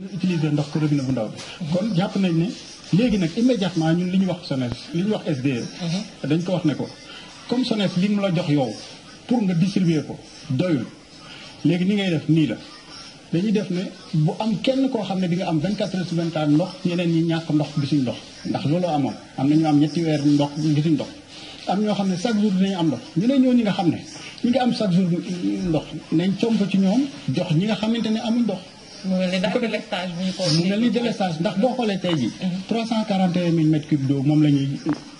ñu utiliser ndox ko robinet bu ndaw bi kon jàpp nañ ne léegi nag immédiatement ñun li ñu wax SONES li ñu wax SDE mhm. dañ ko wax ne ko comme SONES li mu la jox yow pour nga distribuer ko doyul léegi ni ngay def nii la dañuy def ne bu am kenn koo xam ne di nga am 24 heures sur 24 ndox ñeneen ñi ñàkk ndox gisuñ ndox ndax looloo amoon am na am ñetti weer ndox gisuñ ndox am ñoo xam ne chaque jour dinañu am ndox ñu ñoo ñi nga xam ne ñi nga am chaque jour ndox nañ comp ci ñoom jox ñi nga xamante ne amuñ ndox mu mel ni daal délestage bu ñu ko. mu mel ni délestage ndax boo xoolee tey jii. 341 mhm. 000 moom la ñuy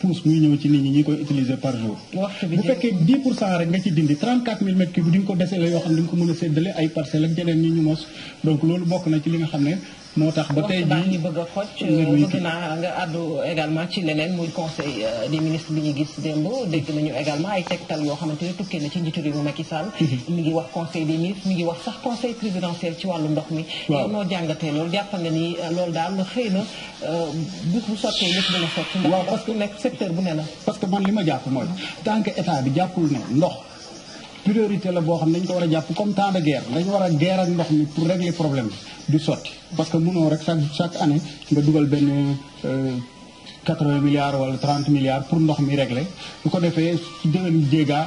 muy ñëw ci nit ñi ñi koy utiliser par jour. waxtu bi bu fekkee 10 pour cent rek nga ci dindi 34 000 mètres cubes di nga ko desale yoo xam ne di nga ko mën a ay parcelles jeneen ñi ñu mos donc loolu bokk na ci li nga xam ne. moo tax ba tey jii bëgg a xoj bëgg naa nga àddu également ci leneen muy conseil euh, des ministres bi ñu gis démb dégg nañu également ay tegtal yoo xamante ne tukkee na ci njiitu réew mi Macky Sall mhm. mi ngi wax conseil des ministres mi ngi wax sax conseil présidentiel ci wàllu ndox mi yow noo jàngatee loolu jàppal na ni euh, loolu daal xëy na euh, bés bu sottee lépp dina sotti ndax parce que nekk secteur bu ne la parce que man li ma jàpp mooy tant état bi jàppul ne ndox priorité la boo xam ne dañ ko war a jàpp comme temps de guerre dañu war a guerre ak ndox mi pour régler problème bi du sotti parce que mënoo rek chaque chaque année nga dugal benn 80 euh, milliards wala 30 milliards pour ndox mi régler su ko defee su déwén jéegaa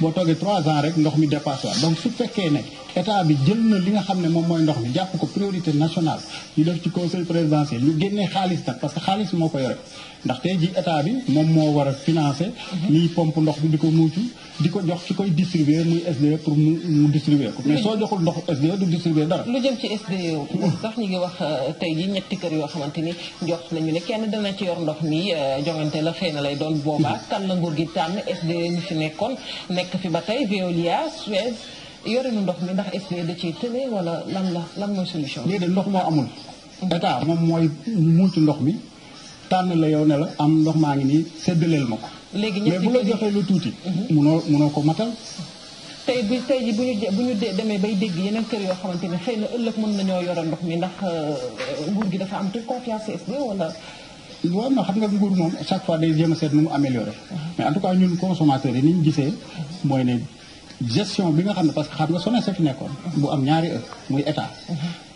boo toogee trois ans rek ndox mi dépassé waat donc su fekkee ne état bi jël na li nga xam ne moom mooy ndox mi jàpp ko priorité national ñu def ci conseil présidentiel ñu génnee xaalis nag parce que xaalis moo ko yore ndax tey ji état bi moom moo war a financé liy mhm. pompe ndox bi di ko muucu di ko jox ki koy distribuer muy SDE pour mu mu ko mais soo joxul ndox SDE du distribuer dara lu jëm ci SDE sax ñu ngi wax euh, tey ji ñetti kër yoo xamante ni jox nañu ne kenn dana ci yor ndox mi euh, jongante la xëy na lay doon boobaa mhm. kan la nguur gi tànn SDE ñu fi nekkoon nekk fi ba tey Veolia Suez yore nu ndox mi ndax SDE da ciy tële wala lan la lan mooy solution. lii de ndox moo amul. état moom mooy muutu ndox mi tànn la yow ne la am ndox maa ngi nii séddaleel ma ko. léegi mais bu la joxee lu tuuti. munoo munoo ko matal. tey bi tey ji bu ñu bu ñu demee bay dégg yeneen kër yoo xamante ne xëy na ëllëg mën nañoo yore ndox mi ndax nguur gi dafa am te confiance SDE wala. waaw na xam nga nguur moom chaque fois day jéem a seet nu mu amélioré mais en tout cas ñun consommateurs yi ni gisee mooy ne gestion bi nga xam ne parce que xam nga SONES fi nekkoon bu am ñaari ëpp muy état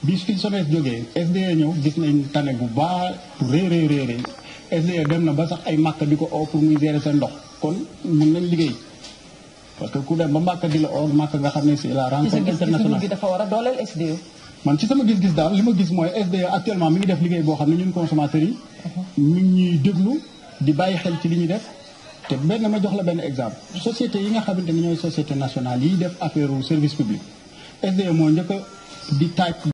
bi fi SONES jógee SDE ñëw gis nañ tane bu baa bu rëy SDE dem na ba sax ay màkk di ko oo muy gérer seen ndox kon mun nañ liggéey parce que ku dem ba màkk di la oo màkk nga xam ne c'est la rencontre internationale dafa war dooleel SDE man ci sama gis e yi nit ñuy déglu di bàyyi xel ci li ñuy def te benn ma jox la benn exemple société yi nga xamante ni ñooy société nationale yiy def affaire service public SDE moo njëkk di taaj